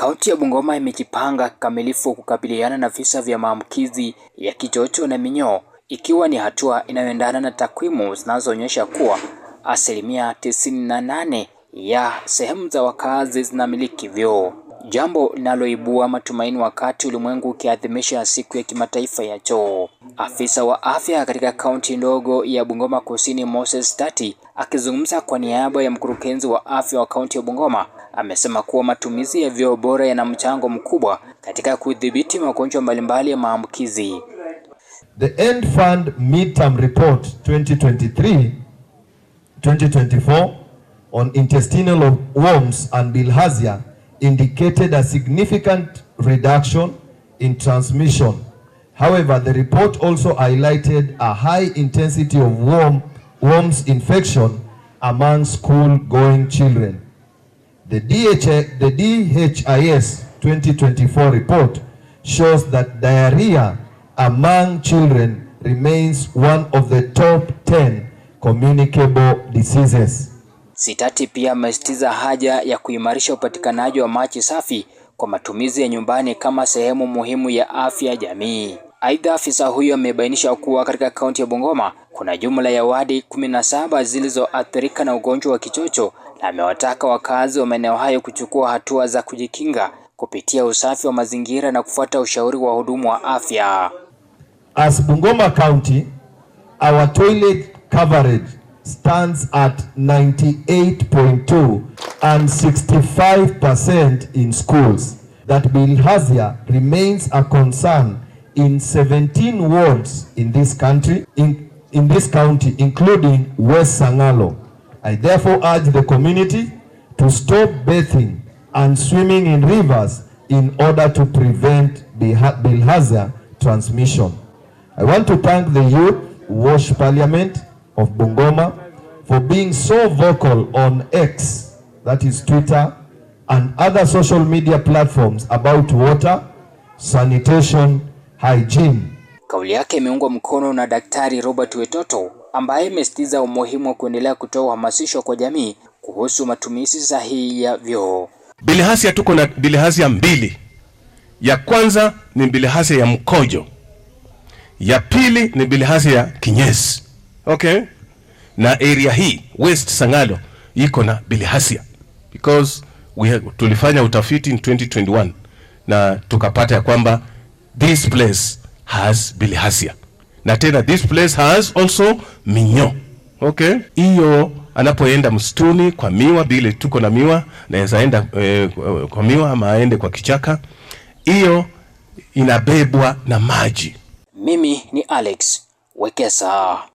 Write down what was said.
Kaunti ya Bungoma imejipanga kikamilifu kukabiliana na visa vya maambukizi ya kichocho na minyoo, ikiwa ni hatua inayoendana na takwimu zinazoonyesha kuwa asilimia tisini na nane ya sehemu za wakazi zinamiliki vyoo, jambo linaloibua matumaini wakati ulimwengu ukiadhimisha siku ya kimataifa ya choo. Afisa wa afya katika kaunti ndogo ya Bungoma Kusini, Moses Tati, akizungumza kwa niaba ya mkurugenzi wa afya wa kaunti ya Bungoma, amesema kuwa matumizi ya vyoo bora yana mchango mkubwa katika kudhibiti magonjwa mbalimbali ya maambukizi. The End Fund Midterm Report 2023 2024 on intestinal worms and bilharzia indicated a significant reduction in transmission. However, the report also highlighted a high intensity of worm, worms infection among school-going children. The, DH, the DHIS 2024 report shows that diarrhea among children remains one of the top 10 communicable diseases. Sitati pia amesitiza haja ya kuimarisha upatikanaji wa maji safi kwa matumizi ya nyumbani kama sehemu muhimu ya afya jamii. Aidha, afisa huyo amebainisha kuwa katika kaunti ya Bungoma kuna jumla ya wadi 17 zilizoathirika na ugonjwa wa kichocho na amewataka wakazi wa maeneo hayo kuchukua hatua za kujikinga kupitia usafi wa mazingira na kufuata ushauri wa wahudumu wa afya. As Bungoma County, our toilet coverage stands at 98.2 and 65% in schools. That bilharzia remains a concern in 17 wards in this country, in, in this county including West Sangalo. I therefore urge the community to stop bathing and swimming in rivers in order to prevent bilharzia transmission. I want to thank the youth Wash Parliament of Bungoma for being so vocal on X, that is Twitter, and other social media platforms about water, sanitation, hygiene. Kauli yake imeungwa mkono na Daktari Robert Wetoto ambaye imesitiza umuhimu wa kuendelea kutoa uhamasisho kwa jamii kuhusu matumizi sahihi ya vyoo. bilihasia tuko na bilihasia mbili. Ya kwanza ni bilihasia ya mkojo, ya pili ni bilihasia ya kinyesi. Okay, na area hii West Sangalo iko na bilihasia because we have, tulifanya utafiti in 2021 na tukapata ya kwamba this place has bilihasia na tena this place has also minyo. Okay, hiyo anapoenda msituni kwa miwa, bile tuko na miwa, naweza enda eh, kwa miwa ama aende kwa kichaka, hiyo inabebwa na maji. Mimi ni Alex Wekesa.